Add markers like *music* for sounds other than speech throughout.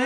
于。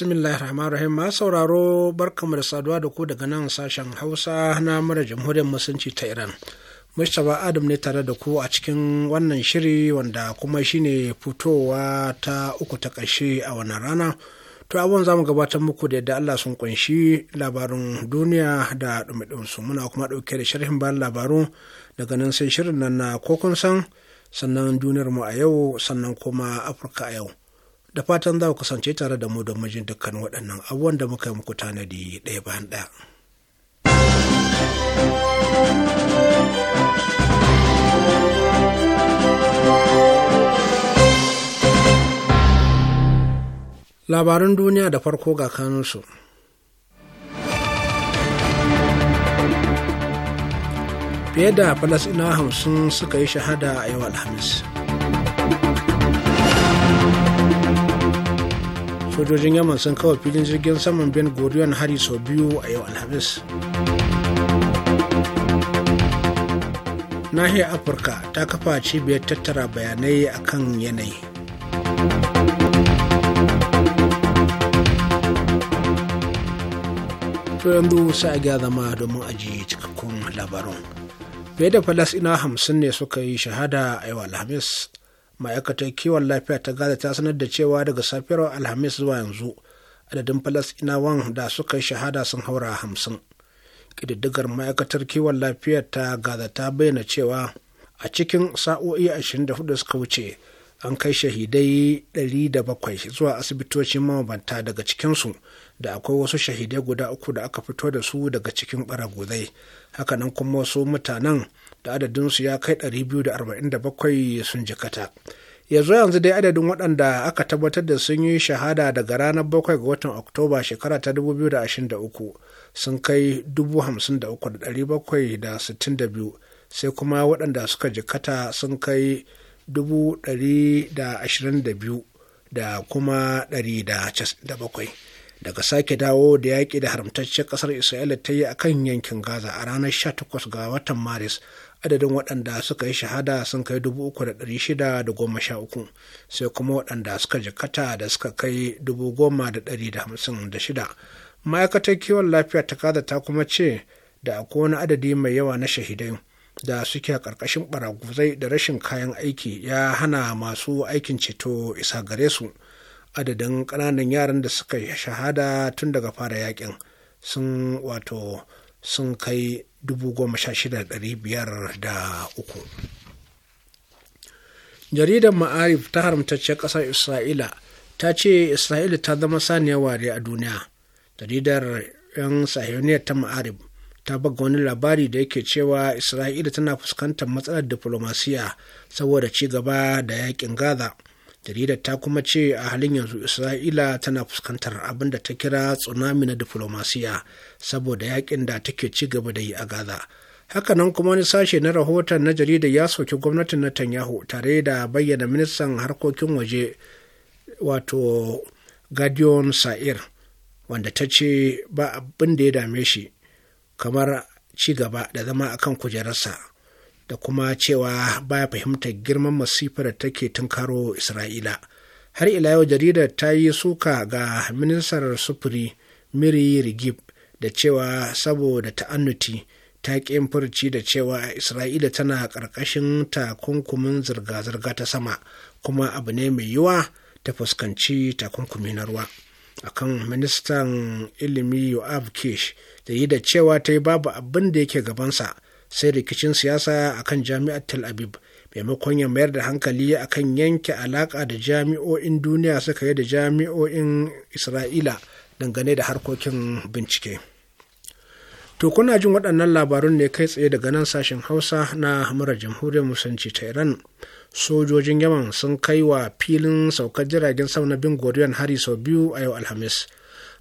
Bismillahirrahmanirrahim. ma sauraro barkamu da saduwa da ku daga nan sashen hausa na mura jamhuriyar musulunci ta iran mustapha adam ne tare da ku a cikin wannan shiri wanda kuma shine fitowa ta uku ta ƙarshe a wannan rana to abun za mu gabatar muku da yadda allah sun kunshi labarin duniya da su muna kuma ɗauke da sharhin bayan labaru daga nan sai shirin nan na kokun san sannan duniyar mu a yau sannan kuma afirka a yau da fatan za ku kasance tare da mu don majin dukkan waɗannan abubuwan da muka yi muku tanadi ɗaya bayan ɗaya. Labaran duniya da farko ga kanunsu. Fiye da falasɗina hamsin suka yi shahada a yau Alhamis. sojojin yaman sun kawo filin jirgin saman ben gurion hari sau biyu a yau alhamis nahiyar afirka ta kafa cibiyar tattara bayanai akan yanayi to yanzu sai a gya zama domin aji cikakkun labarun. fiye da Falas ina hamsin ne suka yi shahada a yau alhamis ma'aikatar kiwon lafiya ta gaza ta sanar da cewa daga safiyar alhamis zuwa yanzu adadin falasɗinawan da suka yi shahada sun haura hamsin ƙididdigar ma'aikatar kiwon lafiya ta gaza ta bayyana cewa a cikin sa'o'i 24 suka wuce an kai shahidai 700 zuwa asibitoci mabanta daga cikinsu da akwai wasu shahidai guda uku da aka fito da su daga cikin ɓaragudai hakanan kuma wasu mutanen da adadinsu ya kai 247 sun jikata yanzu yanzu dai adadin waɗanda aka tabbatar da sun yi shahada daga ranar 7 ga watan oktoba shekara ta 2023 sun kai 53,762 sai kuma waɗanda suka jikata sun kai 122 da kuma 197 daga sake dawo da yaƙi da haramtacciyar ƙasar isra'ila ta yi a kan yankin gaza a ranar 18 ga watan maris adadin waɗanda suka yi shahada sun kai dubu uku da ɗari shida da goma sha uku sai kuma waɗanda suka jikata da suka kai dubu goma da ɗari da hamsin da shida ma'aikatar kiwon lafiya ta kada ta kuma ce da akwai wani adadi mai yawa na shahidai da suke a ƙarƙashin ɓaraguzai da rashin kayan aiki ya hana masu aikin ceto isa gare su adadin ƙananan yaran da suka shahada tun daga fara yakin sun wato sun kai uku jaridar ma'arif ta haramtacciyar ƙasar isra'ila ta ce isra'ila ta zama saniya ware a duniya jaridar 'yan sahiyoniyar ta ma'arif ta baga wani labari da yake cewa isra'ila tana fuskantar matsalar diflomasiya saboda ci gaba da yakin gaza jaridar ta kuma ce a halin yanzu isra'ila tana fuskantar abin da ta kira tsunami na diflomasiya saboda yakin da take ci gaba da yi a gaza Haka nan, kuma wani sashe na rahoton na jaridar ya soki gwamnatin Tanyahu tare da bayyana ministan harkokin waje wato gadion sa'ir wanda ta ce ba abin da ya dame shi kamar ci gaba da zama akan kujerarsa da kuma cewa baya fahimtar girman masifar da take tunkaro isra'ila har ila yau jaridar ta yi suka ga ministar sufuri miri rigib da cewa saboda ta'annuti ta ƙin furci da cewa isra'ila tana ƙarƙashin takunkumin zirga-zirga ta sama kuma abu ne mai yiwa ta fuskanci takunkumi na ruwa akan ministan ilimi yoav kish da yi da cewa ta yi babu abin da yake gabansa sai rikicin siyasa a kan jami'ar tel aviv maimakon ya mayar da hankali a kan yanke alaka da jami'o'in duniya suka yi da jami'o'in isra'ila dangane da harkokin bincike to kuna jin waɗannan labarun ne kai tsaye daga nan sashen hausa na murar jamhuriyar musulunci ta iran sojojin yaman sun kai wa filin saukar jiragen sama na bin goriyan hari sau biyu a yau alhamis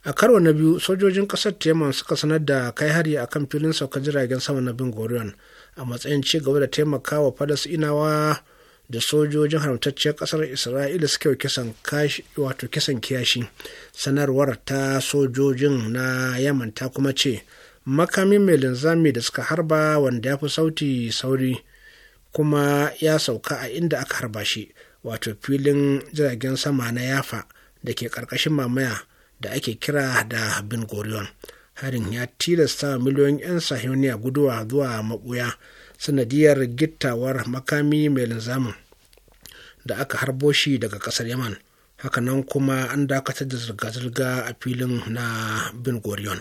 a karo na biyu sojojin kasar teman suka sanar da kai hari a kan filin saukar jiragen sama na bin gorion a matsayin ci gaba da taimakawa falasinawa da sojojin haramtacciyar kasar isra'ila suke kisan wato kisan kiyashi sanarwar ta sojojin na yaman ta kuma ce makami mai linzami da suka harba wanda ya fi sauti sauri kuma ya sauka a inda aka harba shi wato filin jiragen sama na yafa da ke ƙarƙashin mamaya da ake kira da bin gorion harin ya tilasta miliyoyin 'yan sahiyoniya guduwa zuwa maɓuya sanadiyar gittawar makami mai linzamin da aka harbo shi daga ƙasar yaman hakanan kuma an dakatar da zirga-zirga a filin na bin gorion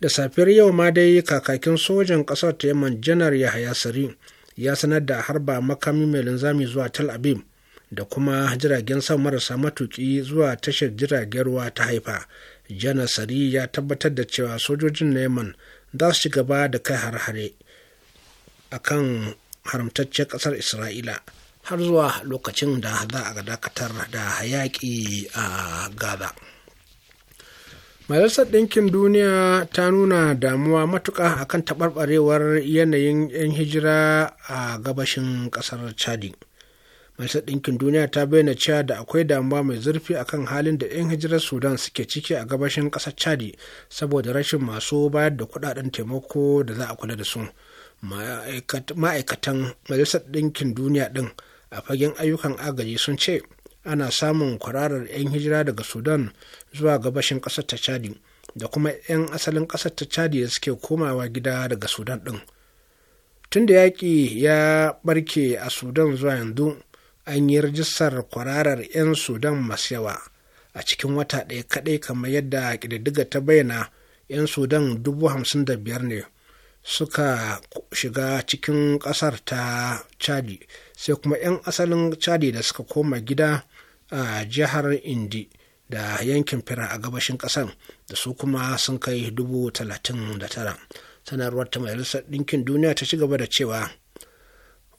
da safiyar yau ma dai kakakin sojan ƙasar ta yaman janar yahaya sari ya sanar da harba makami mai linzami zuwa tel aviv da kuma jiragen sama marasa matuki zuwa tashar jiragen ruwa ta haifa janasari sari ya tabbatar da cewa sojojin neman za su ci gaba da kai har-hare a kan haramtaccen ƙasar isra'ila har zuwa lokacin da za a dakatar da hayaki a gaza majalisar ɗinkin duniya ta nuna damuwa matuƙa akan taɓarɓarewar yanayin 'yan hijira a gabashin ƙasar chadi. majalisar ɗinkin duniya ta bayyana cewa da akwai damuwa mai zurfi a kan halin da 'yan hijirar sudan suke ciki a gabashin ƙasar chadi saboda rashin masu bayar da kuɗaɗen taimako da za a kula da su ma'aikatan majalisar ɗinkin duniya ɗin a fagen ayyukan agaji sun ce ana samun kwararar 'yan hijira daga sudan zuwa gabashin ƙasar ta chadi da kuma 'yan asalin ƙasar ta chadi da suke komawa gida daga sudan ɗin tun da yaƙi ya ɓarke a sudan zuwa yanzu an yi rajistar kwararar 'yan sudan masu yawa a cikin wata ɗaya kaɗai kamar yadda ƙididdiga ta bayyana 'yan sudan dubu biyar ne suka shiga cikin ƙasar ta chadi sai kuma 'yan asalin chadi da suka koma gida a jihar indi da yankin fira a gabashin ƙasar da su kuma sun kai dubu tara sanarwar ta majalisar ɗinkin duniya ta ci gaba da cewa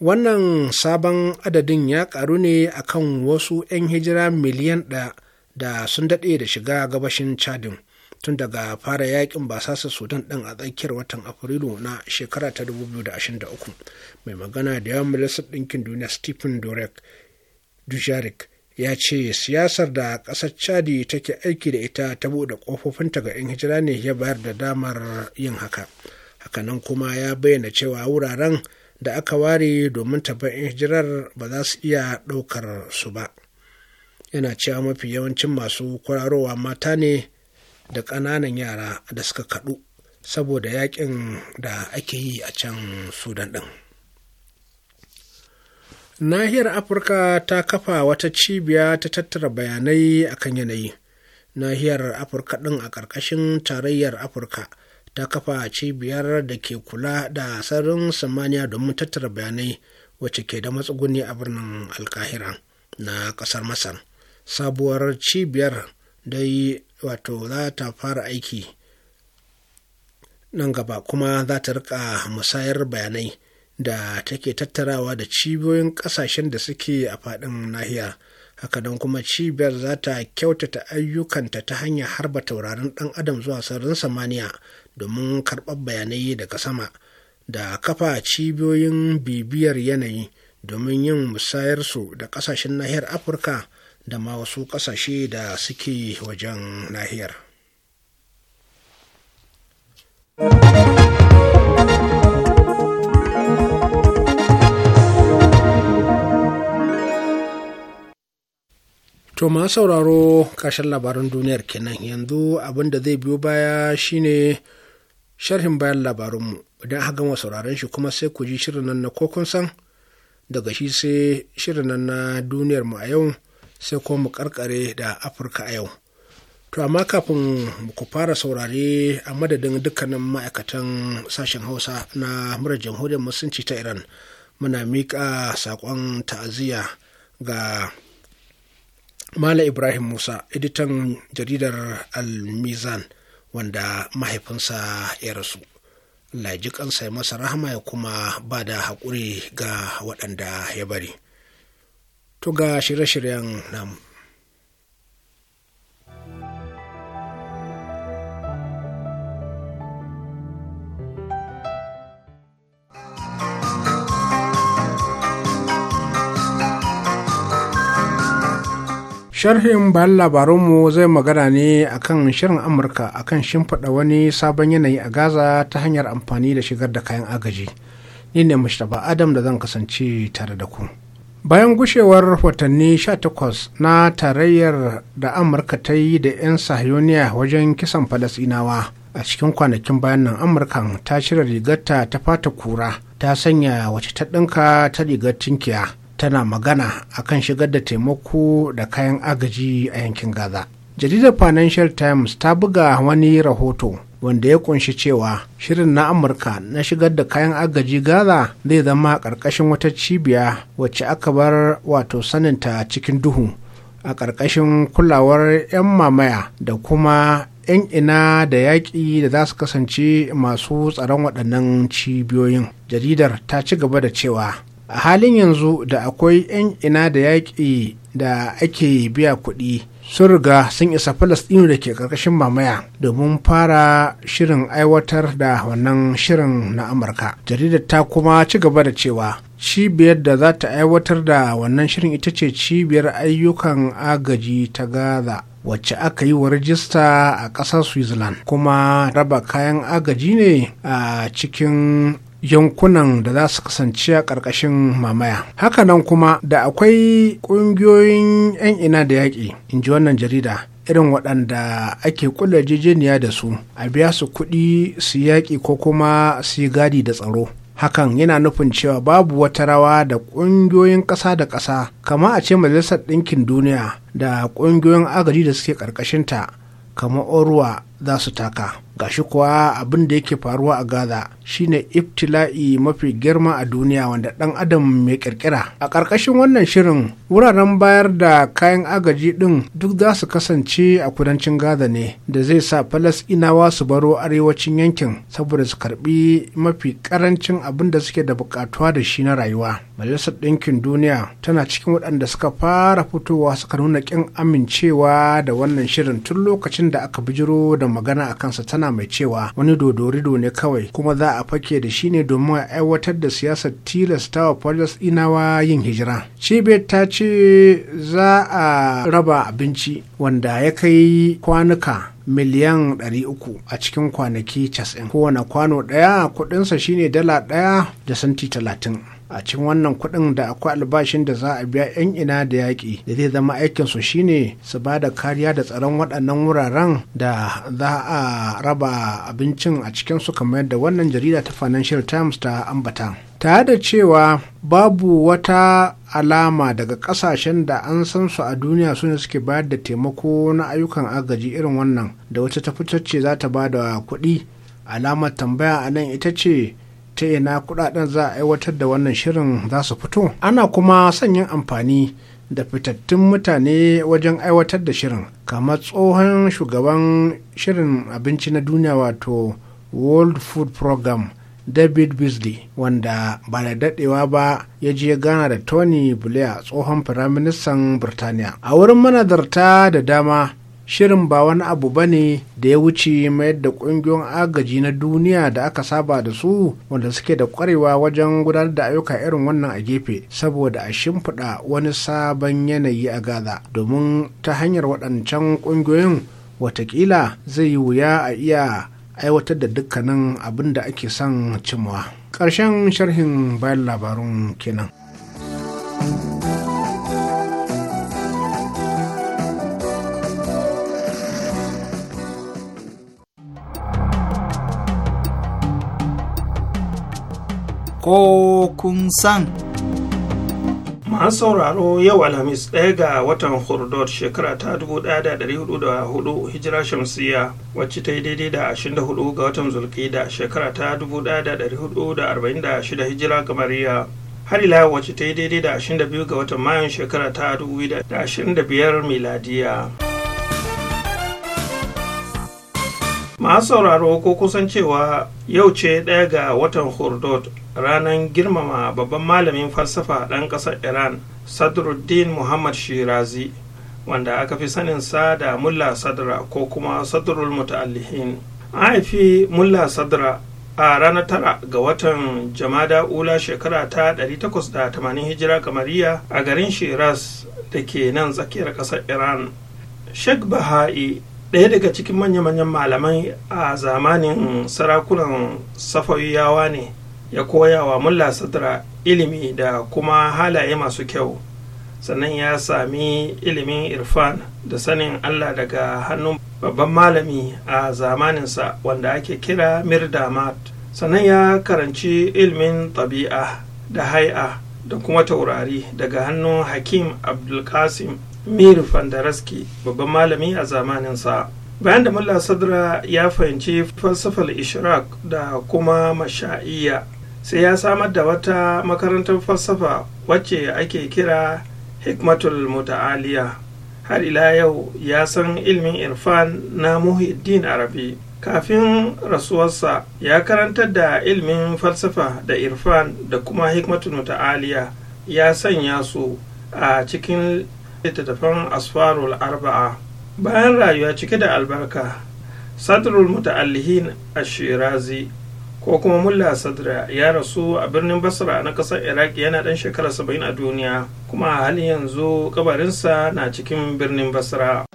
wannan sabon adadin ya karu ne akan wasu 'yan hijira miliyan ɗaya da sun daɗe da shiga gabashin chadin tun daga fara yakin basasa sudan ɗin a tsakiyar watan afrilu na shekara ta 2023 mai magana da yawan majalisar ɗinkin duniya stephen durek dujarik ya ce siyasar da ƙasar chadi take aiki da ita ta buɗe ƙofofinta ga 'yan hijira ne ya bayar da damar yin haka hakanan kuma ya bayyana cewa wuraren da aka ware domin tafiyan hijirar ba za su iya ɗaukar su ba yana cewa mafi yawancin masu kwararowa mata ne da ƙananan yara da suka kaɗu saboda yakin da ake yi a can sudan ɗin nahiyar afirka ta kafa wata cibiya ta tattara bayanai akan yanayi nahiyar afirka ɗin a ƙarƙashin tarayyar afirka ta kafa cibiyar da ke kula da sarin samaniya domin tattara bayanai wacce ke da matsuguni a birnin alkahira na kasar masar sabuwar cibiyar dai wato za ta fara aiki nan gaba kuma za ta rika musayar bayanai da take tattarawa da cibiyoyin kasashen da suke a faɗin nahiya don kuma cibiyar za ta kyautata ayyukanta ta hanyar harba taurarin ɗan adam zuwa sararin samaniya domin karɓar bayanai daga sama da kafa cibiyoyin bibiyar yanayi domin yin musayarsu da ƙasashen nahiyar afirka da ma wasu ƙasashe da suke wajen nahiyar. To ma sauraro ƙarshen labaran duniyar kenan yanzu abin da zai biyo baya shine sharhin bayan labarunmu idan aka gama sauraron shi kuma sai ku ji shirin nan na kokon san daga shi sai shirin nan na duniyar mu a yau sai kuma mu karkare da afirka a yau to amma kafin ku fara saurare a madadin dukkanin ma'aikatan sashen hausa na murar jamhuriyar musulunci ta iran muna miƙa saƙon ta'aziyya ga mala ibrahim musa editan jaridar al-mizan wanda mahaifinsa ya rasu laji kansa ya masa rahama ya kuma ba da haƙuri ga waɗanda ya bari to ga shirye-shiryen namu sharhin bayan labarunmu zai magana ne akan shirin amurka akan shimfiɗa wani sabon yanayi a gaza ta hanyar amfani da shigar da kayan agaji ni ne mustapha adam da zan kasance tare da ku bayan gushewar watanni 18 na tarayyar da amurka ta yi da 'yan sahiyoniya wajen kisan falasinawa a cikin kwanakin bayan nan amurkan ta cire rigarta ta fata kura ta sanya wace ta ɗinka ta rigar tinkiya tana magana akan shigar da taimako da kayan agaji a yankin gaza jaridar financial times ta buga wani rahoto wanda ya kunshi cewa shirin na amurka na shigar da kayan agaji gaza zai zama ƙarƙashin wata cibiya wacce aka bar wato saninta cikin duhu a ƙarƙashin kulawar 'yan mamaya da kuma 'yan ina da yaƙi da za su kasance masu tsaron waɗannan cibiyoyin jaridar ta ci gaba da cewa a halin yanzu da akwai 'yan ina da yaƙi da ake biya kuɗi sun riga sun isa falastinu da ke ƙarƙashin mamaya domin fara shirin aiwatar da wannan shirin na amurka jaridar ta kuma ci gaba da cewa cibiyar da za ta aiwatar da wannan shirin ita ce cibiyar ayyukan agaji ta gaza wacce aka yi wa rajista a ƙasar switzerland kuma raba kayan agaji ne a cikin yankunan da za su kasance a ƙarƙashin mamaya. Hakanan kuma da akwai ƙungiyoyin 'yan ina da yaƙi, in ji wannan jarida. irin waɗanda ake kula jejeniya da su a biya su kuɗi su yaƙi ko kuma su yi gadi da tsaro hakan yana nufin cewa babu wata rawa da ƙungiyoyin ƙasa da ƙasa kama a ce majalisar ɗinkin duniya da ƙungiyoyin agaji da suke ƙarƙashinta kama orwa za su taka gashi kuwa abin da yake faruwa a gaza shine iftila'i mafi girma a duniya wanda dan adam mai kirkira a ƙarƙashin wannan shirin wuraren bayar da kayan agaji ɗin duk za su kasance a kudancin gaza ne da zai sa falasɗinawa su baro arewacin yankin saboda su karbi mafi karancin abin da suke da buƙatuwa da shi na rayuwa majalisar ɗinkin duniya tana cikin waɗanda suka fara fitowa suka nuna ƙin amincewa da wannan shirin tun lokacin da aka bijiro da da magana a kansa tana mai cewa wani dodorido ne kawai kuma za a fake da shi ne domin a aiwatar da siyasar tilasta wa inawa yin hijira cibiyar ta ce za a raba abinci wanda ya kai kwanuka miliyan 300 a cikin kwanaki 90 kowane kwano daya kudinsa shine dala daya da santi talatin. a cikin wannan kuɗin da akwai albashin da za a biya 'yan ina da yaƙi da zai zama aikin su shine su ba da kariya da tsaron waɗannan wuraren da za a raba abincin a cikin su kamar yadda wannan jarida ta financial times ta ambata tare da cewa babu wata alama daga kasashen da an san su a duniya su ne suke bayar da taimako na ayyukan agaji irin wannan da wata tafitacce za ta ba da kuɗi alamar tambaya a nan ita ce ta yana kudaden za a aiwatar da wannan shirin za su fito ana kuma sanyin amfani da fitattun mutane wajen aiwatar da shirin kamar tsohon shugaban shirin abinci na duniya wato world food program david beasley wanda ba da dadewa ba ya je gana da tony blair tsohon firaministan birtaniya a wurin manazarta da dama shirin ba wani abu ba ne da ya wuce mayar da ƙungiyoyin agaji na duniya da aka saba da su wanda suke da ƙwarewa wajen gudanar da ayyuka irin wannan a gefe saboda a shimfiɗa wani sabon yanayi a gaza domin ta hanyar waɗancan ƙungiyoyin watakila zai yi wuya a iya aiwatar da dukkanin abin da ake son cimwa ƙarshen sharhin bayan labarun kenan. ko kun san. Masu sauraro yau Alhamis ɗaya ga watan Hurdor shekara ta 1404 hijira shamsiya wacce ta yi daidai da 24 ga watan Zulkida shekara ta 1446 hijira kamariya. har ila wacce ta yi daidai da 22 ga watan mayun shekara ta 2025 miladiya. masu sauraro ko kusan cewa yau ce ɗaya ga watan hurdot ranar girmama babban malamin falsafa ɗan ƙasar iran sadruddin muhammad shirazi wanda aka fi saninsa da mulla sadra ko kuma sadrul muta'allihin an haifi mulla sadra a ranar tara ga watan jamada ula shekara ta 880 hijira kamariya a garin shiraz da ke nan tsakiyar ƙasar iran sheikh baha'i ɗaya daga cikin manya-manyan malamai a zamanin sarakunan safawiyawa ne ya koya wa mulla sadra ilimi da kuma halaye masu kyau sannan ya sami ilimin irfan da sanin allah daga hannun babban malami a zamaninsa wanda ake kira mirdamat sannan ya karanci ilimin tabi'a da hai'a da kuma taurari daga hannun hakim abdulkasim mir fandaraski babban malami a zamaninsa bayan da mulla sadra ya fahimci falsafal ishraq da kuma masha'iyya sai ya samar da wata makarantar falsafa wacce ake kira hikmatul muta'aliya har ila yau ya san ilmin irfan na muhiddin arabi kafin rasuwarsa ya karantar da ilmin falsafa da irfan da kuma hikmatul muta'aliya ya sanya su a cikin littattafan asfarul arba'a bayan rayuwa cike da albarka sadrul muta'allihin ashirazi ko kuma mulla sadra ya rasu a birnin basra na kasar iraq yana dan shekara 70 a duniya kuma a halin yanzu kabarinsa na cikin birnin basra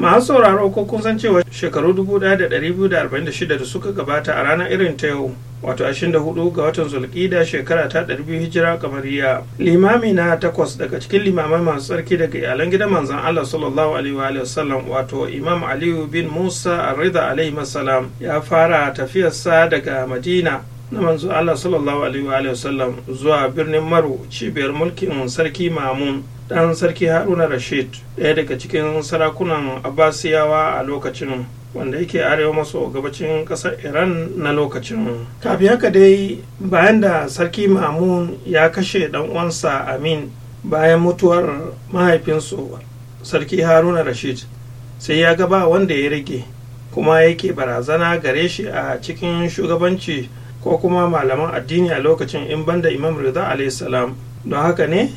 masu sauraro ko kun san cewa shekaru 1246 da suka gabata a ranar irin ta yau wato 24 ga watan zulkida shekara ta 200 hijira kamariya limami na takwas daga cikin limamai masu tsarki daga iyalan gidan manzan Allah sallallahu alaihi wa sallam wato imam aliyu bin musa Rida alaihi masalam ya fara tafiyarsa daga madina na manzo Allah sallallahu alaihi wa sallam zuwa birnin maru cibiyar mulkin sarki mamun Dan sarki haruna rashid ɗaya daga cikin sarakunan abbasiyawa a lokacin wanda yake arewa maso gabacin ƙasar iran na lokacin kafin haka dai bayan da sarki mamun ya kashe ɗan uwansa amin bayan mutuwar mahaifinsu sarki haruna rashid sai ya gaba wanda ya rage kuma yake barazana gare shi a cikin shugabanci ko kuma malaman addini a lokacin in banda imam rida salam don haka ne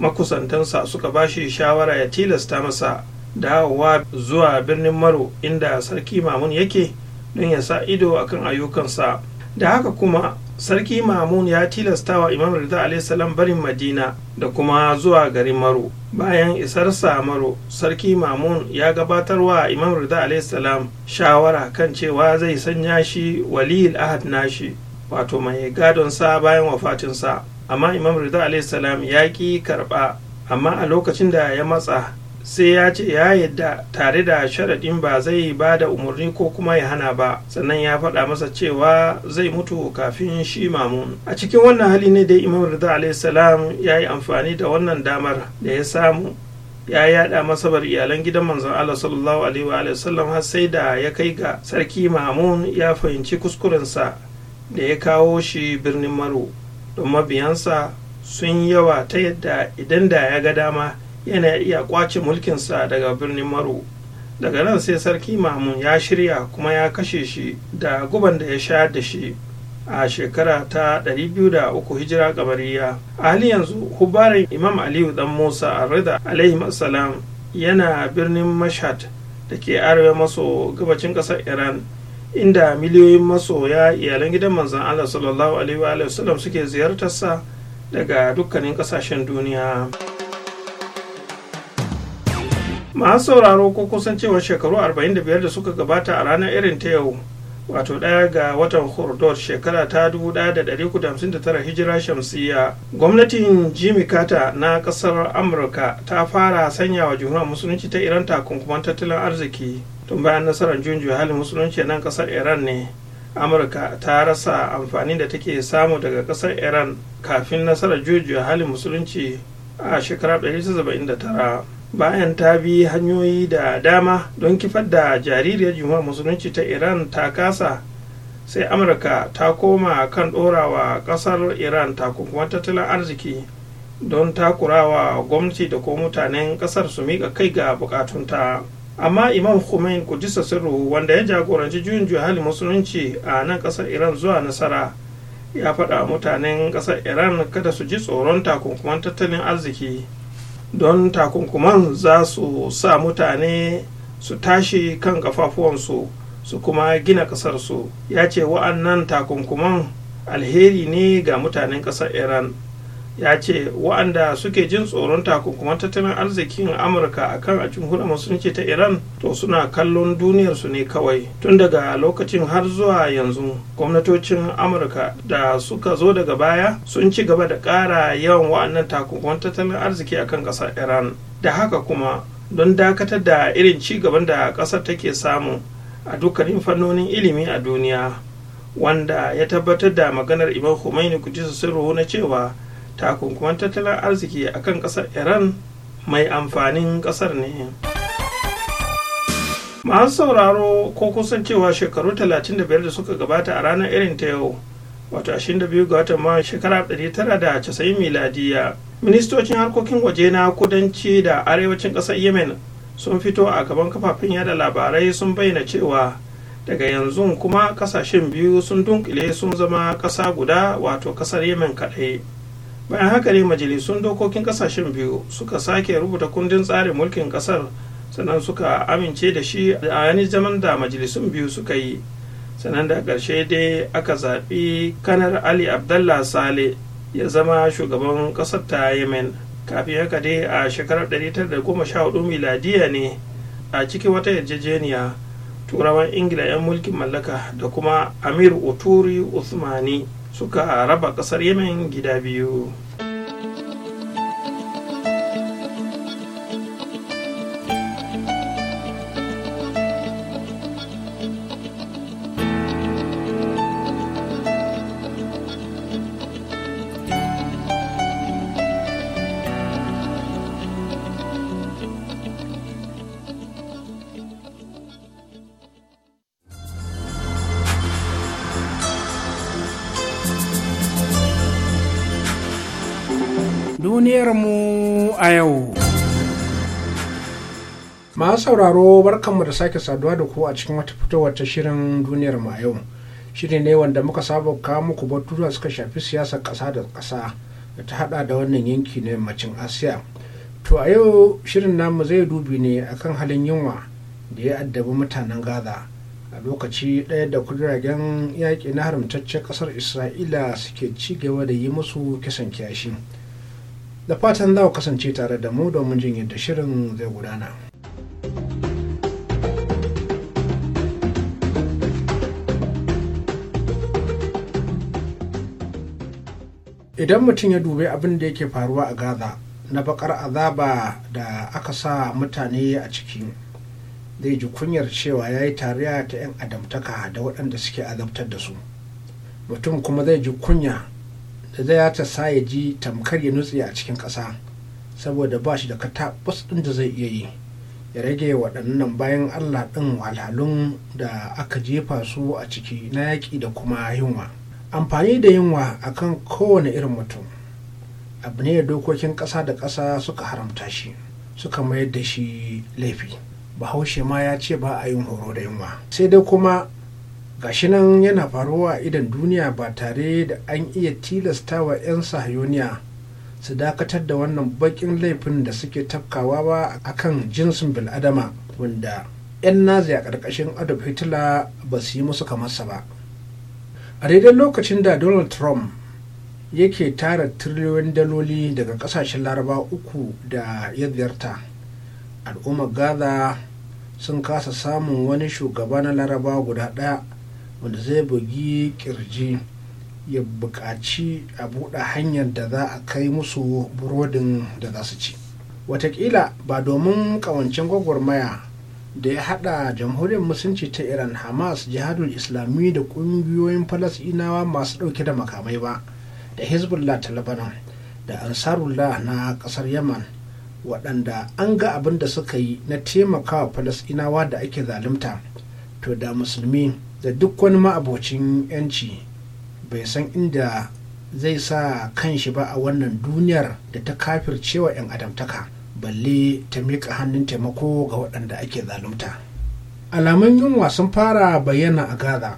makusantansa suka ba shi shawara ya tilasta masa dawowa zuwa birnin maro inda sarki mamun yake don ya sa ido a kan ayyukansa da haka kuma sarki mamun ya tilasta wa imam rida salam barin madina da kuma zuwa garin maro bayan isarsa maro sarki mamun ya gabatar wa imam rida salam shawara kan cewa zai sanya shi waliyil ahad nashi wato mai gadonsa bayan wafatinsa amma imam rida salam ya ki karba amma a lokacin da ya matsa sai ya ce ya yadda tare da sharaɗin ba zai ba da umarni ko kuma ya hana ba sannan ya faɗa masa cewa zai mutu kafin shi mamun a cikin wannan hali ne da imam rida salam ya yi amfani da wannan damar da ya samu ya yada masabar iyalan gidan manzon Allah sallallahu alaihi wa sallam har sai da ya kai ga sarki mamun ya fahimci kuskurensa da ya kawo shi birnin maro mabiyansa sun yawa ta yadda idan da ya ga dama yana iya kwace mulkinsa daga birnin maro daga nan sai sarki mamun ya shirya kuma ya kashe shi da guban da ya sha da shi a shekara ta 203 hijira kamariya a halin yanzu hubarin imam aliyu dan musa arrida alaihi salam yana birnin mashhad da ke arewa maso gabacin kasar iran inda miliyoyin masoya iyalan gidan manzan Allah sallallahu alaihi wa sallam suke ziyartarsa daga dukkanin kasashen duniya. masu sauraro ko kusan cewa shekaru 45 da suka gabata a ranar irin ta yau wato ɗaya ga watan hurdor shekara ta 1959 hijira shamsiya gwamnatin jimmy carter na ƙasar amurka ta fara sanya wa jumhuriyar musulunci ta iran takunkuman tattalin arziki tun bayan nasarar junju halin musulunci nan kasar iran ne amurka ta rasa amfani da take samu daga kasar iran kafin nasarar junju halin musulunci a shekarar 1979 bayan ta bi hanyoyi da dama don kifar da jaririyar jimuwar musulunci ta iran ta kasa sai amurka ta koma kan ɗorawa kasar iran takunkuman tattalin arziki don takurawa gwamnati da ko mutanen kasar su miƙa kai ga bukatunta. amma imam ku kudisa sirru wanda ya jagoranci juyin juya hali musulunci a nan kasar iran zuwa nasara ya faɗa mutanen kasar iran kada su ji tsoron takunkuman tattalin arziki don takunkuman za su sa mutane su tashi kan kafafuwansu su kuma gina kasar su ya ce wa'annan takunkuman alheri ne ga mutanen kasar iran ya ce wa'anda suke jin tsoron takunkuman tattalin arzikin amurka a akan a jamhuriyar musulunci ta iran to suna kallon duniyar su ne kawai tun daga lokacin har zuwa yanzu gwamnatocin amurka da suka zo daga baya sun ci gaba da ƙara yawan wa'annan takunkuman tattalin arziki a kan ƙasar iran da haka kuma don dakatar da irin ci gaban da ƙasar take samu a dukkanin fannonin ilimi a duniya wanda ya tabbatar da maganar imam khomeini kudisa sirruhu na cewa takunkuman tattalin arziki a kan ƙasar iran mai amfanin ƙasar ne masu sauraro ko kusan cewa shekaru 35 da suka gabata a ranar irin ta yau wato 22 ga watan mayu shekara 1990 miladiya ministocin harkokin waje na kudanci da arewacin ƙasar yemen sun fito a gaban kafafen yada labarai sun bayyana cewa daga yanzu kuma kasashen biyu sun dunkile sun zama ƙasa guda wato ƙasar yemen kaɗai bayan haka ne majalisun dokokin kasashen biyu suka sake rubuta kundin tsarin mulkin kasar sannan suka amince da shi a yanin zaman da majalisun biyu suka yi sannan da ƙarshe dai aka zaɓi kanar ali abdallah sale ya zama shugaban ƙasar ta yemen kafin haka dai a shekarar 1914 miladiya ne a cikin wata yarjejeniya turawan ingila 'yan mulkin mallaka da kuma amir uturi usmani suka raba ƙasar yemen gida biyu ma yau. Masu sauraro barkanmu da sake saduwa da ku a cikin wata fitowar ta shirin duniyar mu a yau. Shiri ne wanda muka saba kawo muku batutuwa suka shafi siyasar ƙasa da ƙasa da ta hada da wannan yanki na yammacin Asiya. To a yau shirin namu zai dubi ne akan halin yunwa da ya addabi mutanen Gaza a lokaci ɗaya da kudiragen yaƙi na haramtaccen ƙasar Isra'ila suke ci gaba da yi musu kisan kiyashi. da fatan za ku kasance tare da mu domin jin yadda shirin zai gudana. Idan mutum ya dube abin da yake faruwa a Gaza na bakar azaba da aka sa mutane a ciki zai ji kunyar cewa ya yi tariya ta 'yan adamtaka da waɗanda suke azabtar da su. Mutum kuma zai ji kunya da zai ta sa ya ji tamkar ya nutse a cikin ƙasa saboda ba shi da katabus ɗin da zai iya yi ya rage waɗannan bayan allah ɗin alhalun da aka jefa su a ciki na yaƙi da kuma yunwa amfani da yunwa a kan kowane irin mutum abu ne da dokokin ƙasa da ƙasa suka haramta shi suka mayar da shi laifi bahaushe ma ya ce ba a yin horo da yunwa sai dai kuma gashi nan yana faruwa idan duniya ba tare da an iya tilasta wa 'yan sahayoniya su dakatar da wannan bakin laifin da suke tafkawa ba a kan jinsin bil'adama wanda 'yan nazi a ƙarƙashin adolf hitler ba su yi musu kamarsa ba a daidai lokacin da donald trump yake tara tiriliyoyin daloli daga kasashen laraba uku da ya ziyarta al'ummar gaza sun kasa samun wani shugaba na laraba guda ɗaya wanda zai bugi kirji ya buƙaci a buɗe hanyar da za a kai musu burodin da za su ci watakila ba domin ƙawancin gwagwarmaya da ya haɗa jamhuriyar musulunci ta iran hamas jihadul islami da ƙungiyoyin falasinawa masu ɗauke da makamai ba da hezbollah ta lebanon da ansarullah na ƙasar yaman waɗanda an ga abin da suka yi na taimakawa falasinawa da ake zalunta to da musulmi da duk wani ma'abocin 'yanci bai san inda zai sa kanshi ba a wannan duniyar da ta kafircewa 'yan adamtaka balle ta miƙa hannun taimako ga waɗanda ake zalunta alamun yunwa sun fara bayyana a gaza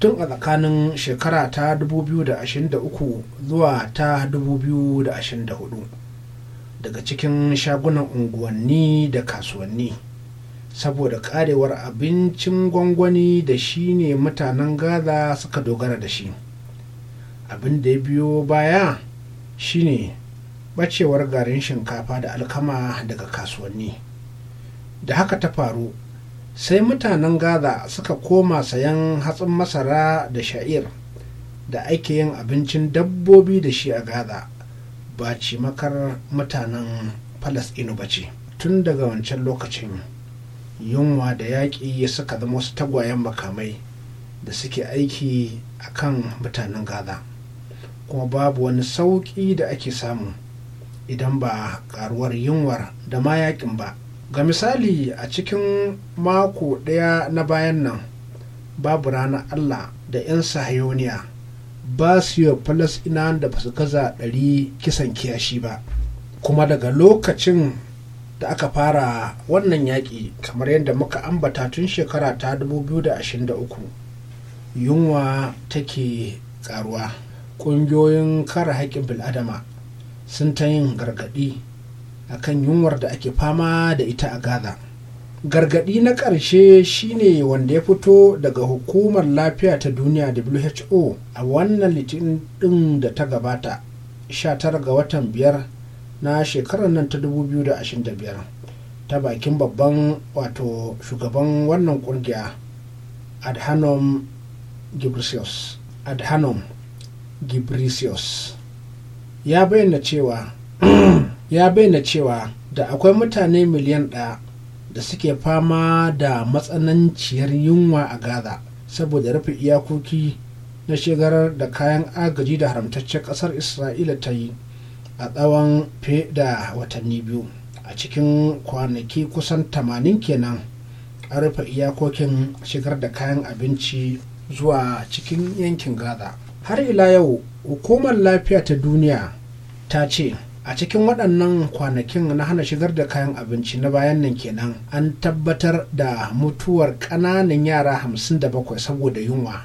tun a tsakanin shekara ta 2023 zuwa ta 2024 daga cikin shagunan unguwanni da kasuwanni saboda karewar abincin gwangwani da shi ne mutanen gaza suka dogara da shi abin da ya biyo baya shine bacewar garin shinkafa da alkama daga kasuwanni da haka ta faru sai mutanen gaza suka koma sayan hatsin masara da sha'ir da ake yin abincin dabbobi da shi a gaza ba cimakar mutanen falasɗinu ba ce tun daga wancan lokacin yunwa da yaƙi ya suka zama wasu tagwayen makamai da suke aiki a kan mutanen gaza kuma babu wani sauƙi da ake samu idan ba karuwar yunwar da ma yaƙin ba ga misali a cikin mako ɗaya na bayan nan babu ranar allah da 'yan sahayoniya ba su yi falasɗinawan da ba su gaza ɗari kisan kiyashi ba kuma daga lokacin da aka fara wannan yaƙi kamar yadda muka ambata tun shekara ta 2023 yunwa take karuwa ƙungiyoyin kare haƙƙin bil'adama sun ta yin gargaɗi a kan yunwar da ake fama da ita a gaza gargaɗi na ƙarshe shine wanda ya fito daga hukumar lafiya ta duniya who a wannan litinin ɗin da ta gabata 19 ga watan biyar na shekarar nan ta 2025 ta bakin babban wato shugaban wannan kungiya adhanom gibrisius adhanom gibrisius ya bayyana cewa *clears throat* ya bayyana cewa da akwai mutane miliyan ɗaya da suke fama da matsananciyar yunwa a gaza saboda rufe iyakoki na shigar da kayan agaji da haramtaccen ƙasar isra'ila ta yi a tsawon fiye da watanni biyu a cikin kwanaki kusan tamanin kenan a rufe iyakokin shigar da kayan abinci zuwa cikin yankin gaza har ila yau hukumar lafiya ta duniya ta ce a cikin waɗannan kwanakin na hana shigar da kayan abinci na bayan nan kenan an tabbatar da mutuwar ƙananan yara 57 saboda yunwa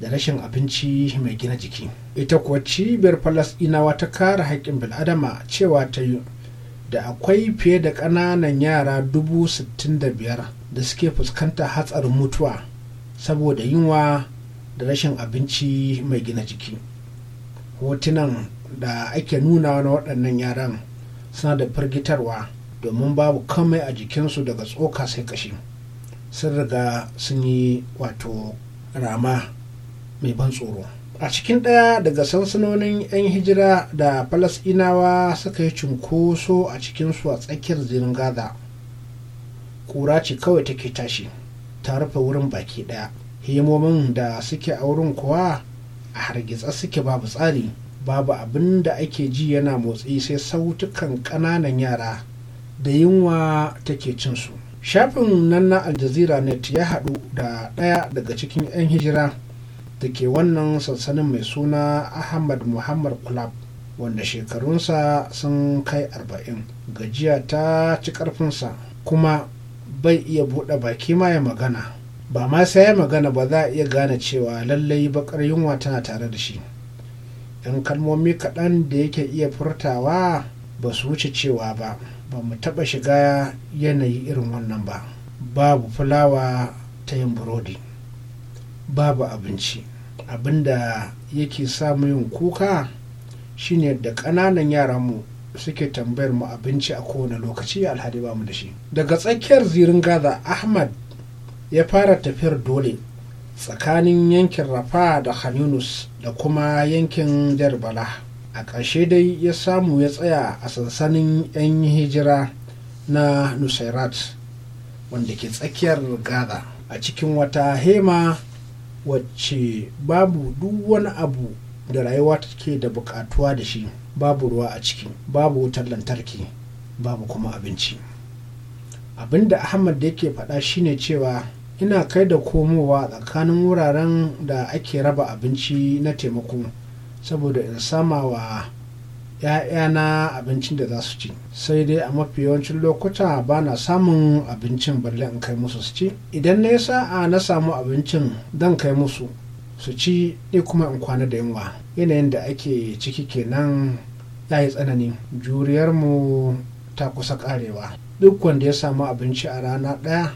da rashin abinci mai gina jiki. ita kuwa cibiyar falasɗinawa ta kare haƙƙin bil'adama cewa ta yi da akwai fiye da ƙananan yara dubu sittin da biyar da suke fuskanta hatsarin mutuwa saboda yunwa da rashin abinci mai gina jiki hotunan da ake nuna na waɗannan yaran suna da firgitarwa domin babu kamai a jikinsu daga tsoka sai kashi sun riga sun yi wato rama mai ban tsoro a cikin ɗaya daga sansanonin 'yan hijira da falasɗinawa suka yi cunkoso a cikin su a tsakiyar zirin gaza ƙura ce kawai take tashi ta rufe wurin baki ɗaya himomin da suke a wurin kuwa a hargitsa suke babu tsari babu abin da ake ji yana motsi sai sautukan ƙananan yara da yunwa take cinsu shafin nan na aljazira net ya haɗu da ɗaya daga cikin 'yan hijira da ke wannan sansanin mai suna ahmad muhammad club wanda shekarunsa sun kai arba'in gajiya ta ci karfinsa kuma bai iya buɗe baki ma ya magana ba ma sai ya magana ba za a iya gane cewa lallai bakar yunwa tana tare da shi yan kalmomi kaɗan da yake iya furtawa ba su wuce cewa ba ba mu taɓa shiga yanayi irin wannan ba babu fulawa ta yin burodi babu abinci Abin da yake samu yin kuka shine da ƙananan mu suke tambayar mu abinci a kowane lokaci alhadi ba mu da shi daga tsakiyar zirin gaza ahmad ya fara tafiyar dole tsakanin yankin rafa da Khanunus da kuma yankin jarbala a ƙarshe dai ya samu ya tsaya a sansanin 'yan hijira na nusairat wanda ke tsakiyar gaza a cikin wata hema wacce babu duk wani abu da rayuwa take da bukatuwa da shi babu ruwa a ciki babu wutar lantarki babu kuma abinci abin da ahmad da yake faɗa shine cewa ina kai da komowa tsakanin wuraren da ake raba abinci na taimako saboda in sama wa ‘ya'yana abincin da za su ci sai dai a mafi yawancin lokuta ba na samun abincin balle in kai musu su ci idan na yi sa'a na samu abincin dan kai musu su ci ni kuma in kwana da yunwa yanayin da ake ciki kenan ya yi tsanani juriyarmu ta kusa karewa duk wanda ya samu abinci a rana ɗaya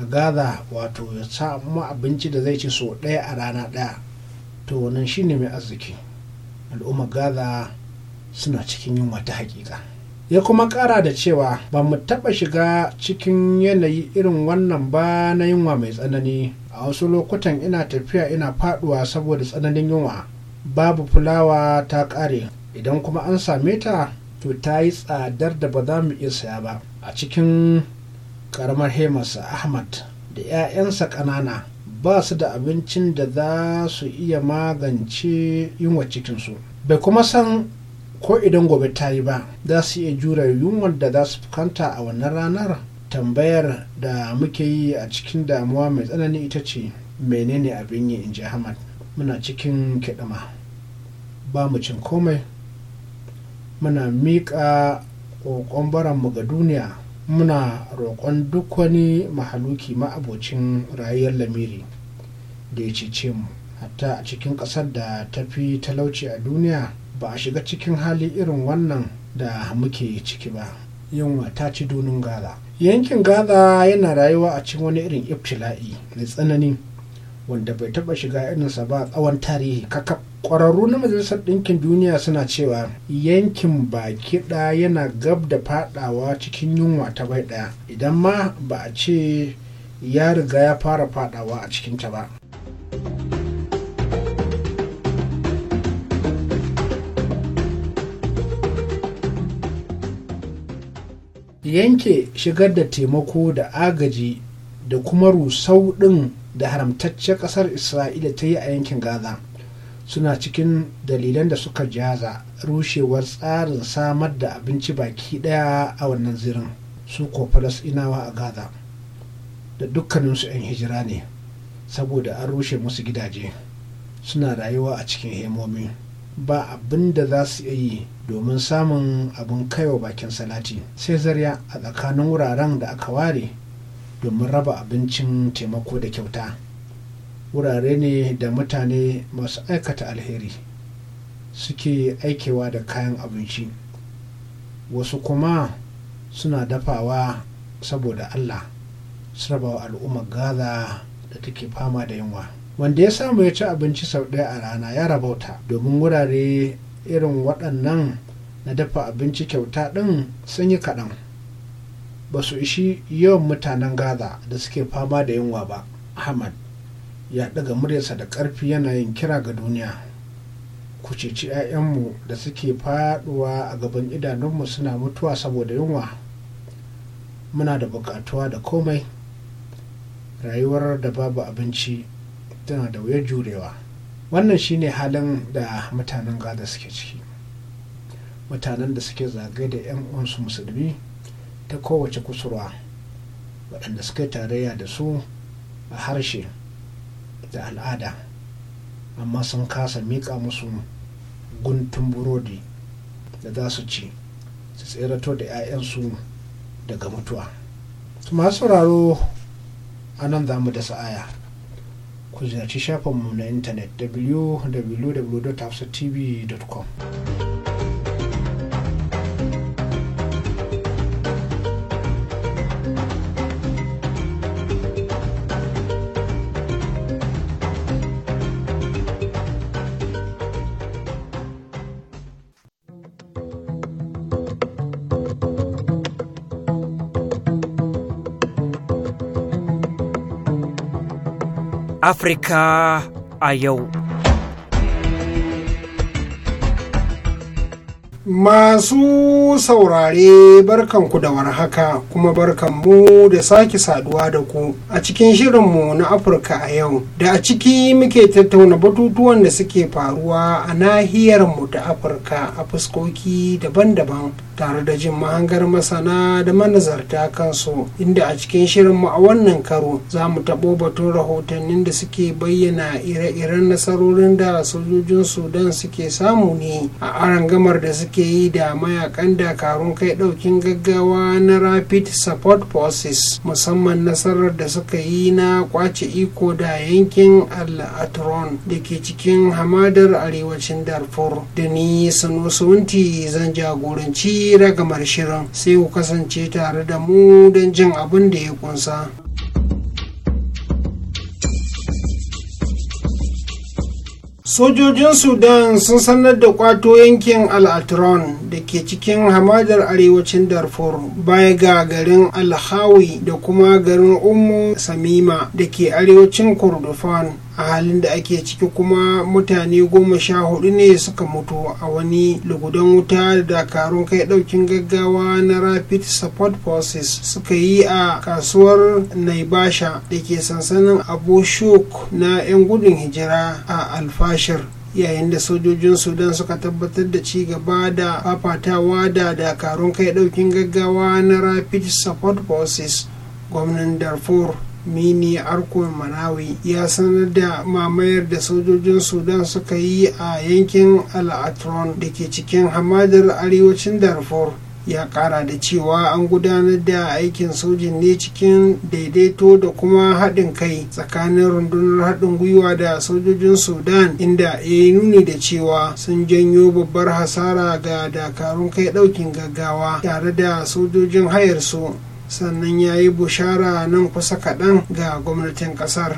a gaza wato ya samu abinci da zai ci so ɗaya a rana ɗaya to wannan shine mai arziki al'umma gaza suna cikin yunwa ta hakika ya kuma kara da cewa ba mu taba shiga cikin yanayi irin wannan ba na yunwa mai tsanani a wasu lokutan ina tafiya ina faduwa saboda tsananin yunwa babu fulawa ta kare idan kuma an same ta to ta yi tsadar da ba za mu iya saya ba a cikin karamar hemarsa ahmad da 'ya'yansa ƙanana ba su da abincin da za su iya magance yunwa cikinsu bai kuma san ko idan gobe ta yi ba za su iya jura yunwar da za su fuskanta a wannan ranar tambayar da muke yi a cikin damuwa mai tsanani ita ce menene abin yi in ji hamad muna cikin kiɗima ba mu cin komai muna miƙa ƙoƙon baranmu ga duniya muna roƙon duk wani mahaluki ma'abocin rayuwar lamiri da ya cece mu hatta a cikin ƙasar da ta fi talauci a duniya ba a shiga cikin hali irin wannan da muke ciki ba yunwa ta ci dunin gaza yankin gaza yana rayuwa a cikin wani irin Iftila'i, mai tsanani wanda bai taba shiga irinsa ba tsawon tarihi kakab kwararru na majalisar ɗinkin duniya suna cewa yankin baki ɗaya yana gab da fadawa cikin yunwa ta bai ɗaya idan ma ba a ce ya riga ya fara fadawa a cikinta ba. yanke shigar da taimako da agaji da kuma rusau ɗin da haramtaccen ƙasar isra'ila ta yi a yankin gaza suna cikin dalilan da suka jaza rushewar tsarin samar da abinci baki ɗaya a wannan zirin su ko inawa a gaza da dukkaninsu 'yan hijira ne saboda an rushe musu gidaje suna rayuwa a cikin hemomi ba abin da za su iya yi domin samun abin kaiwa bakin salati sai zarya a tsakanin wuraren da aka ware domin raba abincin taimako da kyauta wurare ne da mutane masu aikata alheri suke aikewa da kayan abinci wasu kuma suna dafawa saboda allah su raba wa al'ummar gaza da take fama da yunwa wanda ya samu ya ci abinci sau ɗaya a rana ya rabauta domin wurare irin waɗannan na dafa abinci kyauta ɗin sun yi kaɗan ba su ishi yawan mutanen gaza da suke fama da yunwa ba ahmad ya ɗaga muryarsa da ƙarfi yana yin kira ga duniya ku ceci 'ya'yanmu da suke faɗuwa a gaban idanunmu suna mutuwa saboda yunwa muna da buƙatuwa da komai rayuwar da babu abinci tana da wuyar jurewa wannan shine halin da mutanen gada suke ciki mutanen da suke zagaye da 'yan uwansu musulmi ta kowace kusurwa waɗanda suka tarayya da su a harshe da al'ada amma sun kasa miƙa musu guntun burodi da za su ci su tserato da 'ya'yansu daga mutuwa Su masu sauraro a nan za mu da sa'aya ku ziyarci shafinmu na intanet www.tafsatv.com Afirka a yau. Masu saurare barkanku da warhaka kuma barkanmu da sake saduwa da ku a cikin shirinmu na Afirka a yau da a ciki muke tattauna batutuwan da suke faruwa a nahiyarmu ta Afirka a fuskoki daban-daban tare da jin mahangar masana da manazarta kansu inda a cikin shirinmu a wannan karo za mu taɓo batun rahotannin da suke bayyana ire-iren nasarorin da sojojin Sudan suke samu ne a arangamar da suke yi da mayakan dakarun kai daukin gaggawa na rapid support forces musamman nasarar da suka yi na kwace iko da yankin al da ke cikin hamadar arewacin darfur da ni sunti zan jagoranci ragamar shirin sai ku kasance tare da mu don jin abin da ya kunsa. sojojin sudan sun sanar da kwato yankin al'atron da ke cikin hamadar arewacin darfur baya ga garin alhawi da kuma garin umu samima da ke arewacin kordofan a halin da ake ciki kuma mutane goma sha hudu ne suka mutu a wani lugudan wuta da dakarun kai daukin gaggawa na rapid support forces suka yi a kasuwar naibasha da ke sansanin abu shuk na 'yan gudun hijira a alfashir yayin da sojojin sudan suka tabbatar da ci gaba da fafatawa da dakarun kai daukin gaggawa na rapid support forces gwamnan darfur mini arko manawi ya sanar da mamayar da sojojin sudan suka yi a yankin al'atron da ke cikin hamadar arewacin darfur ya kara da cewa an gudanar da aikin sojin ne cikin daidaito da kuma haɗin kai tsakanin rundunar haɗin gwiwa da sojojin sudan inda ya yi nuni da cewa sun janyo babbar hasara ga dakarun kai ɗaukin gaggawa tare da sojojin hayar su sannan ya yi bushara nan kusa kaɗan ga gwamnatin ƙasar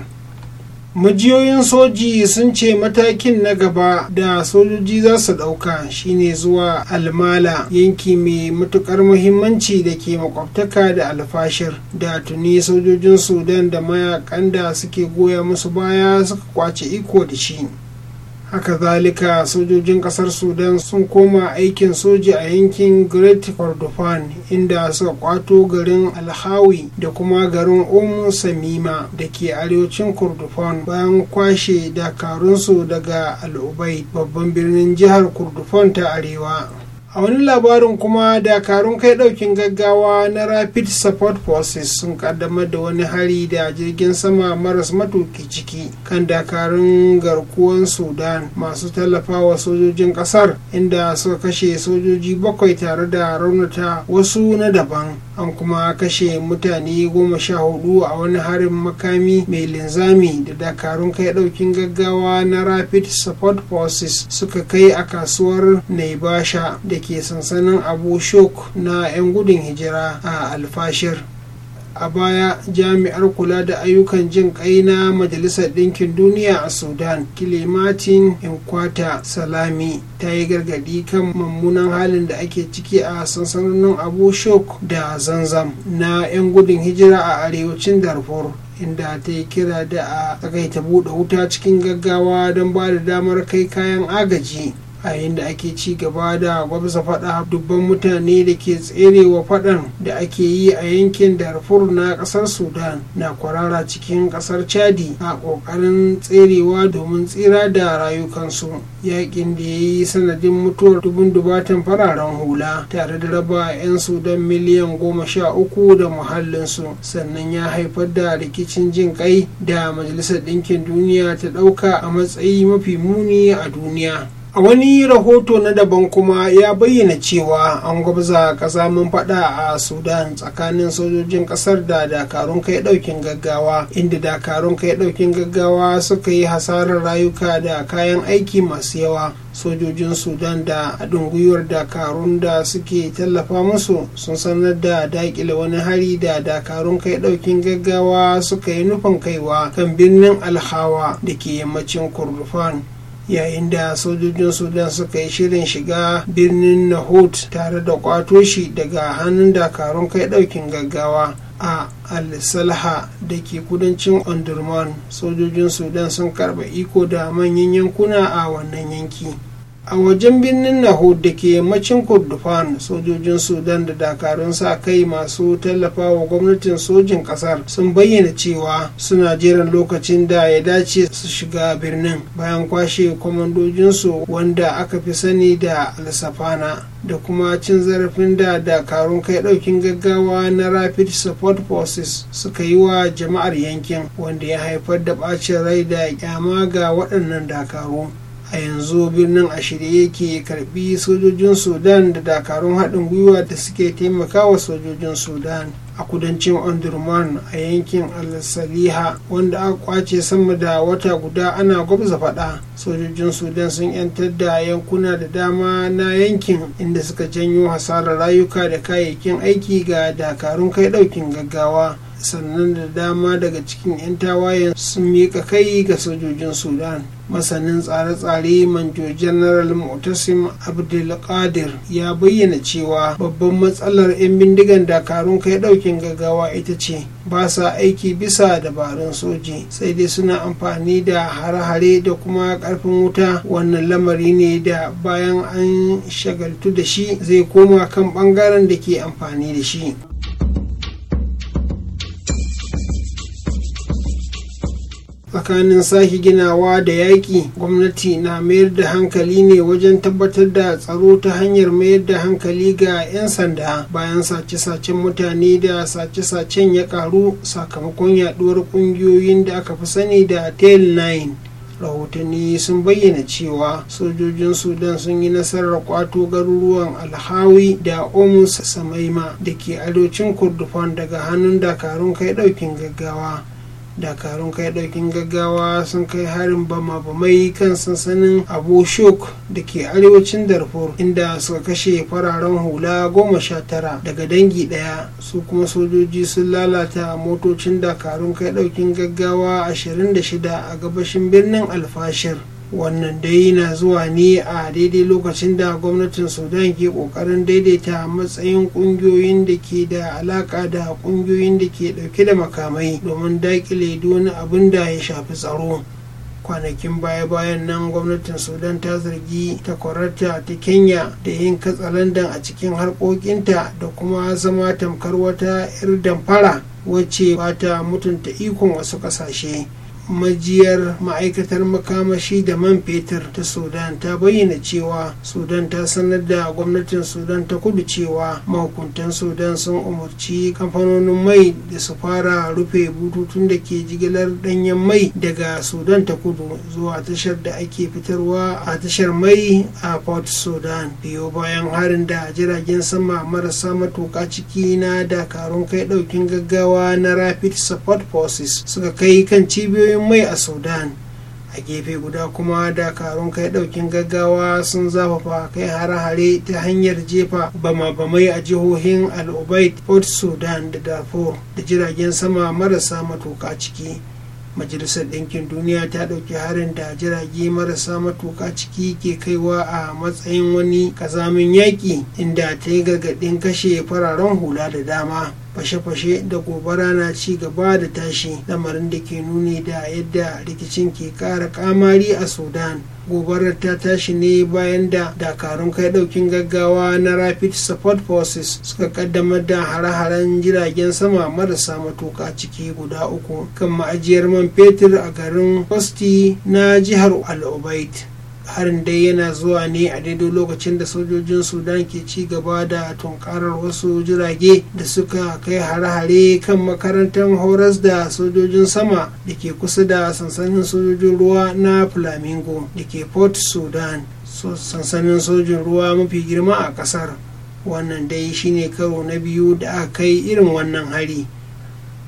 majiyoyin soji sun ce matakin na gaba da sojoji za su ɗauka shine zuwa almala yanki mai matuƙar muhimmanci da ke makwabtaka da alfashir da tuni sojojin sudan da mayakan da suke goya musu baya suka kwace iko da shi haka zalika sojojin kasar sudan sun koma aikin soja a yankin great kordofan inda suka kwato garin alhawi da kuma garin umu samima da ke arewacin kordofan bayan kwashe dakarunsu daga al'ubai babban birnin jihar kordofan ta arewa a wani labarin kuma dakarun kai daukin gaggawa na rapid support forces sun kaddamar da wani hari da jirgin sama maras matuki ciki kan dakarun garkuwan sudan masu tallafawa sojojin kasar inda suka kashe sojoji bakwai tare da raunata wasu na daban an kuma kashe mutane goma sha hudu a wani harin makami mai linzami da dakarun kai daukin gaggawa na rapid support forces suka kai a kasuwar naibasha da ke sansanin abu shok na 'yan gudun hijira a alfashir a baya jami'ar kula da ayyukan jin kai na majalisar ɗinkin duniya a sudan kilimatin inkwata salami ta yi gargadi kan mummunan halin da ake ciki a sansanin abu shok da zanzam na 'yan gudun hijira a arewacin darfur inda ta yi kira da a tsakaita buɗe wuta cikin gaggawa don ba da damar kai kayan agaji a yadda ake ci gaba da gwamza faɗa dubban mutane da ke tserewa faɗan da ake yi a yankin darfur na ƙasar sudan na kwarara cikin ƙasar chadi a ƙoƙarin tserewa domin tsira da rayukansu yakin da ya yi sanadin mutuwar dubun dubatan fararen hula tare da raba 'yan sudan miliyan goma sha uku da muhallinsu sannan ya haifar da rikicin jin kai da majalisar ɗinkin duniya ta ɗauka a matsayi mafi muni a duniya a wani rahoto na daban kuma ya bayyana cewa an gwabza mun fada a sudan tsakanin sojojin kasar da dakarun kai daukin gaggawa inda dakarun kai daukin gaggawa suka yi hasarar rayuka da kayan aiki masu yawa sojojin sudan da haɗin gwiwar dakarun da suke tallafa musu sun sanar da daƙile wani hari da dakarun kai ɗaukin gaggawa suka yi nufin kaiwa kan birnin alhawa da ke yammacin kurdufan yayin da sojojin sudan suka yi shirin shiga birnin nahut tare da kwato shi daga hannun dakarun kai daukin gaggawa a al-salha da ke kudancin ondurman sojojin sudan sun karba iko da manyan yankuna a wannan yanki a wajen birnin naho da ke yammacin kurdufan sojojin sudan da dakarun sa kai masu tallafa wa gwamnatin sojin kasar sun bayyana cewa suna jiran lokacin da ya dace su shiga birnin bayan kwashe kwamandojinsu wanda aka fi sani da alsafana da kuma cin zarafin da dakarun kai daukin gaggawa na rapid support forces suka yi wa jama'ar yankin wanda ya haifar da bacin rai da kyama ga waɗannan dakaru a yanzu birnin a yake karɓi karbi sojojin sudan da dakarun haɗin gwiwa da suke taimakawa sojojin sudan a kudancin andurman a yankin al-saliha wanda aka kwace sama da wata guda ana gwabza faɗa sojojin sudan sun yantar da yankuna da dama na yankin inda suka janyo hasarar rayuka da kayayyakin aiki ga dakarun kai ɗaukin gaggawa sannan da dama daga cikin 'yan tawayen sun miƙa kai ga sojojin sudan masanin tsare-tsare manjo general mutasim abdulkadir ya bayyana cewa babban matsalar 'yan bindigan dakarun kai daukin gaggawa ita ce ba sa aiki bisa dabarun soji sai dai suna amfani da hare-hare da kuma karfin wuta wannan lamari ne da bayan an shagaltu da shi zai koma kan bangaren da ke amfani da shi tsakanin sake ginawa da yaƙi gwamnati na mayar da hankali ne wajen tabbatar da tsaro ta hanyar mayar da hankali ga 'yan sanda bayan sace-sacen mutane da sace-sacen ya karu sakamakon yaduwar ƙungiyoyin da aka fi sani da tail 9 rahotanni sun bayyana cewa sojojin sudan sun yi nasarar kwato garuruwan alhawi da omus samaima da ke arewacin kurdufan daga hannun dakarun kai daukin gaggawa dakarun kai daukin gaggawa sun kai harin bama bamai kan sansanin abu shuk da ke arewacin darfur inda suka kashe fararen hula goma sha tara daga dangi daya su kuma sojoji sun lalata motocin dakarun kai daukin gaggawa ashirin da shida a gabashin birnin alfashir wannan dai na zuwa ne a daidai lokacin da gwamnatin sudan ke kokarin daidaita matsayin kungiyoyin da ke da alaka da kungiyoyin da ke dauke da makamai domin dakile wani abin da ya shafi tsaro kwanakin baya-bayan nan gwamnatin sudan ta zargi takwarata ta kenya da yin katsalandan a cikin harkokinta da kuma zama tamkar wata 'yar damfara wacce ba ta mutunta ikon wasu kasashe majiyar ma'aikatar makamashi da man fetur ta sudan ta bayyana cewa sudan ta sanar da gwamnatin sudan ta kudu cewa mahukuntan sudan sun umarci kamfanonin mai da su fara rufe bututun da ke jigilar danyen mai daga sudan ta kudu zuwa tashar da ake fitarwa a tashar mai a port sudan biyo bayan harin da jiragen sama marasa matuka ciki na dakarun kai daukin gaggawa na rapid support forces suka kai kan cibiyoyin arzikin mai a sudan a gefe guda kuma dakarun kai daukin gaggawa sun zafafa kai hare-hare ta hanyar jefa bama-bamai a jihohin al-ubaid port sudan da darfur da jiragen sama marasa matuka ciki majalisar ɗinkin duniya ta ɗauki harin da jirage marasa matuka ciki ke kaiwa a matsayin wani kazamin yaƙi inda ta yi gargaɗin kashe fararen hula da dama fashe-fashe da gobara na ci gaba da tashi lamarin da ke nuni da yadda rikicin ke kara kamari a sudan gobarar ta tashi ne bayan da dakarun kai daukin gaggawa na rapid support forces suka kaddamar da hare-haren jiragen sama marasa matuka ciki guda uku kan ma'ajiyar man fetur a garin Fosti na jihar al-obaid harin dai yana zuwa ne a daidai lokacin da sojojin sudan ke ci gaba da tunkarar wasu jirage da suka kai hare-hare kan makarantar horas da sojojin sama da ke kusa da sansanin sojojin ruwa na flamingo da ke port sudan sansanin sojin ruwa mafi girma a kasar wannan dai shine karo na biyu da aka kai irin wannan hari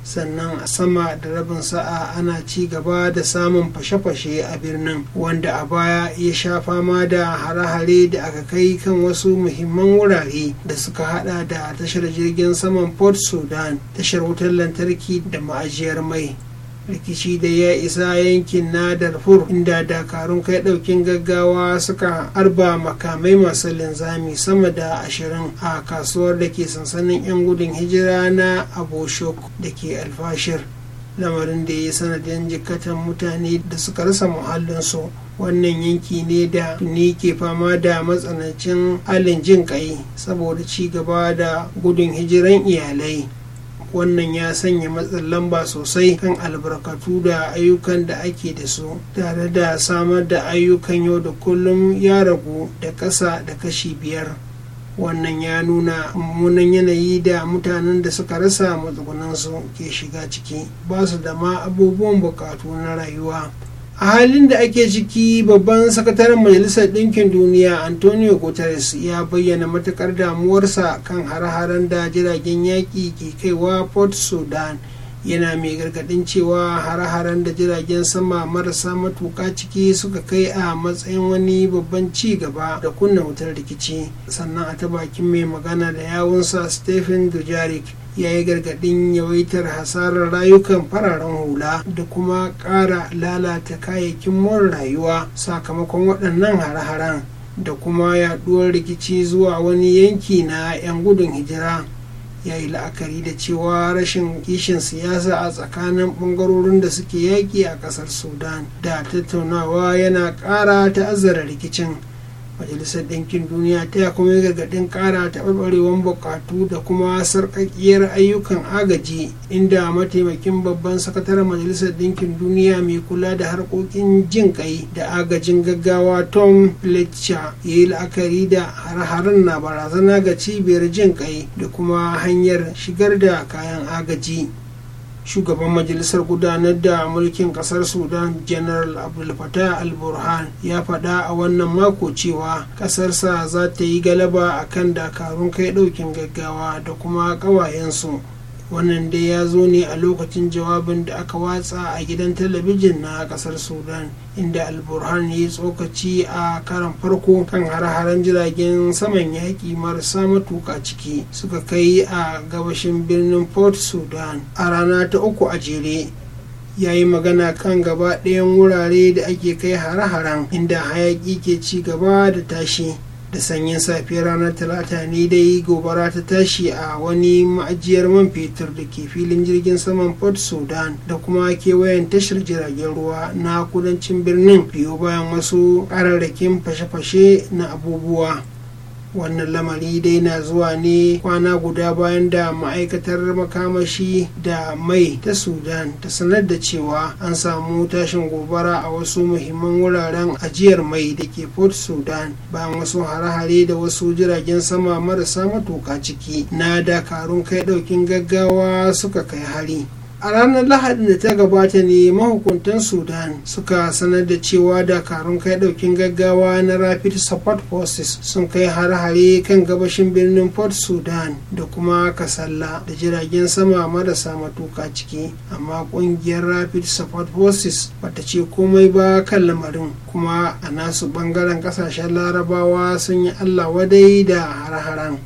sannan a sama da rabin sa'a ana ci gaba da samun fashe-fashe a birnin wanda a baya ya sha fama da hare-hare da aka kai kan wasu muhimman wurare da suka hada da tashar jirgin saman port sudan tashar wutar lantarki da ma'ajiyar mai rikici da ya isa yankin na darfur inda dakarun kai daukin gaggawa suka arba makamai masu linzami sama da ashirin a kasuwar da ke sansanin 'yan gudun hijira na aboshok da ke alfashir lamarin da ya sanadin jikatan mutane da suka rasa muhallinsu wannan yanki ne da ni ke fama da matsanancin halin jin kai saboda ci gaba da gudun hijiran iyalai wannan ya sanya matsin lamba sosai kan albarkatu da ayyukan da ake da su tare da samar da ayyukan yau da kullum ya ragu da ƙasa da kashi biyar wannan ya nuna mummunan yanayi da mutanen da suka rasa matsugunansu ke shiga ciki ba su da ma abubuwan bukatu na rayuwa a halin da ake ciki babban sakataren majalisar ɗinkin duniya antonio guterres ya bayyana matukar damuwarsa kan har-haren da jiragen yaƙi ke kaiwa port sudan yana mai gargaɗin cewa har-haren da jiragen sama marasa matuƙa ciki suka kai a matsayin wani babban ci gaba da kunna wutar rikici sannan a ta bakin mai magana da yawunsa stephen dujarik ya yi gargaɗin yawaitar hasarar rayukan fararen hula da kuma ƙara lalata kayayyakin more rayuwa sakamakon waɗannan har haren da kuma yaɗuwar rikici zuwa wani yanki na 'yan gudun hijira ya yi la'akari da cewa rashin kishin siyasa a tsakanin ɓangarorin da suke yaƙi a ƙasar sudan da tattaunawa yana ƙara ta'azzara rikicin majalisar ɗinkin duniya ta ya kuma gargaɗin ƙara ɓarɓarewan buƙatu da kuma sarƙaƙiyar ayyukan agaji inda mataimakin babban sakataren majalisar ɗinkin duniya mai kula da harkokin jin ƙai da agajin gaggawa tom fletcher ya yi la'akari da har-haren na barazana ga cibiyar jin ƙai da kuma hanyar shigar da kayan agaji shugaban majalisar gudanar da mulkin kasar sudan general abdul fatah al-burhan ya faɗa a wannan mako cewa ƙasarsa za ta yi galaba a kan dakarun kai ɗaukin gaggawa da kuma ƙawayensu wannan dai ya zo ne a lokacin jawabin da aka watsa a gidan talabijin na kasar sudan inda alburhan ya tsokaci a karan farko kan har haren jiragen saman yaƙi marasa matuka ciki suka kai a gabashin birnin port sudan a rana ta uku a jere ya yi magana kan gaba ɗayan wurare da ake kai har haren inda hayaƙi ke ci gaba da tashi da sanyin safiya ranar talata ne dai gobara ta tashi a wani ma'ajiyar man fetur da ke filin jirgin saman port sudan da kuma kewayen tashar jiragen ruwa na kudancin birnin biyo bayan wasu ƙararrakin fashe-fashe na abubuwa wannan lamari dai na zuwa ne kwana guda bayan da ma'aikatar makamashi da mai ta sudan ta sanar da cewa an samu tashin gobara a wasu muhimman wuraren ajiyar mai da ke port sudan bayan wasu hare-hare da wasu jiragen sama marasa matuka ciki na dakarun kai daukin gaggawa suka kai hari a ranar lahadin da ta gabata ne mahukuntan sudan suka sanar da cewa dakarun kai daukin gaggawa na rapid support forces sun kai har hare kan gabashin birnin port sudan da kuma kasalla da jiragen sama marasa matuka ciki amma kungiyar rapid support forces bata ce komai ba kan lamarin kuma a nasu bangaren kasashen larabawa sun yi allah wadai da hare-haren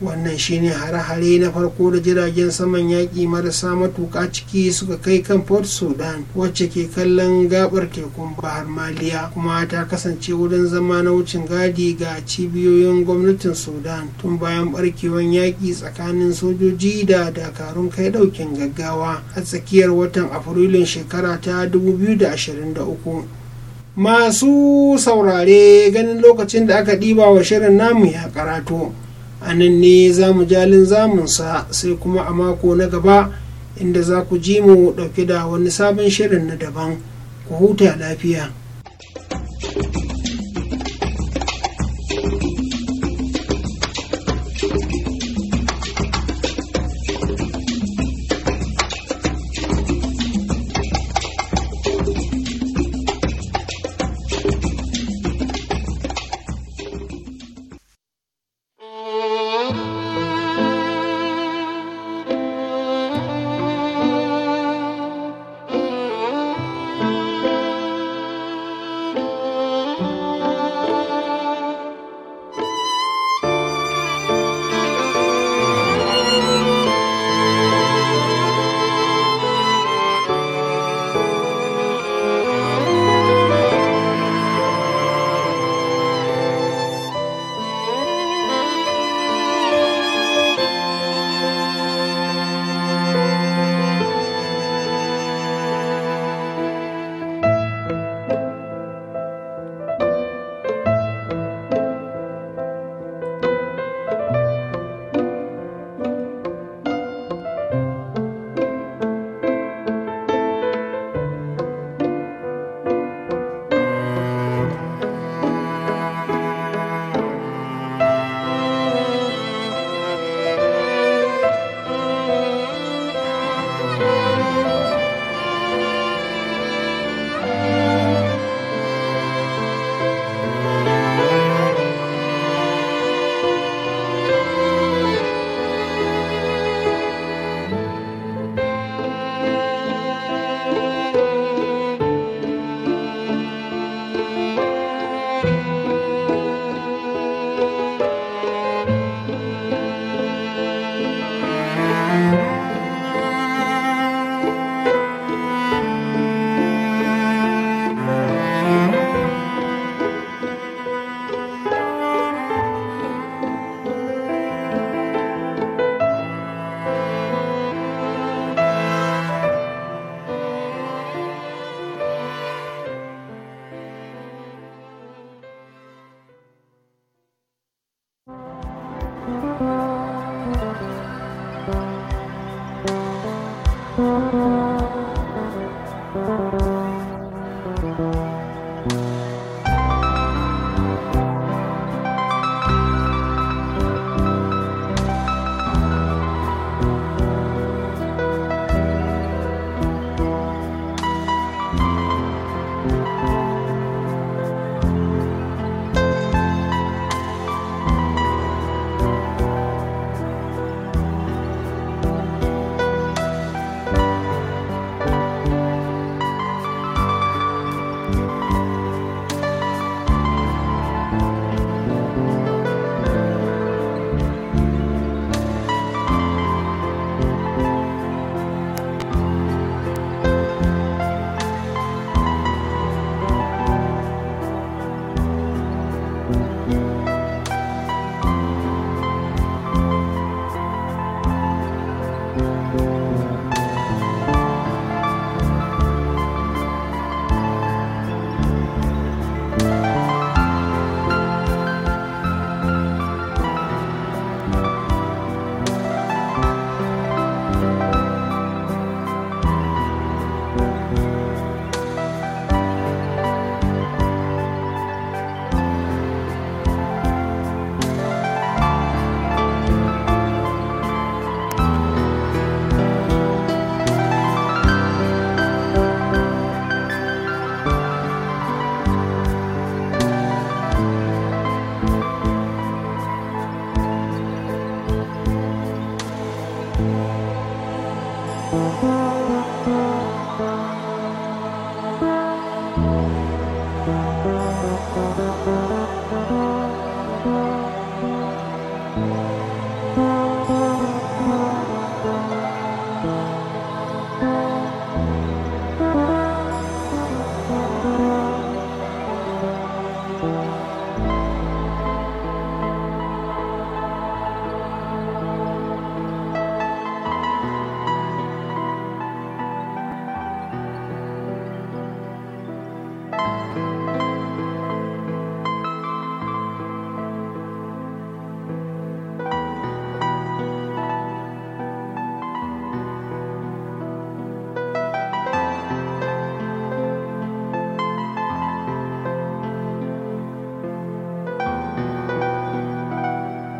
wannan shine hare-hare na farko da jiragen saman yaƙi marasa matuƙa ciki suka kai kan port sudan wacce ke kallon gabar tekun bahar maliya kuma ta kasance wurin zama na wucin gadi ga cibiyoyin gwamnatin sudan tun bayan barkewan yaƙi tsakanin sojoji da dakarun kai ɗaukin gaggawa a tsakiyar watan afrilun shekara ta 2023 masu saurare ganin lokacin da aka ɗiba wa shirin namu ya karatu a nan ne za mu jalin zamunsa sai kuma a mako na gaba inda za ku ji mu dauke da wani sabon shirin na daban ku huta lafiya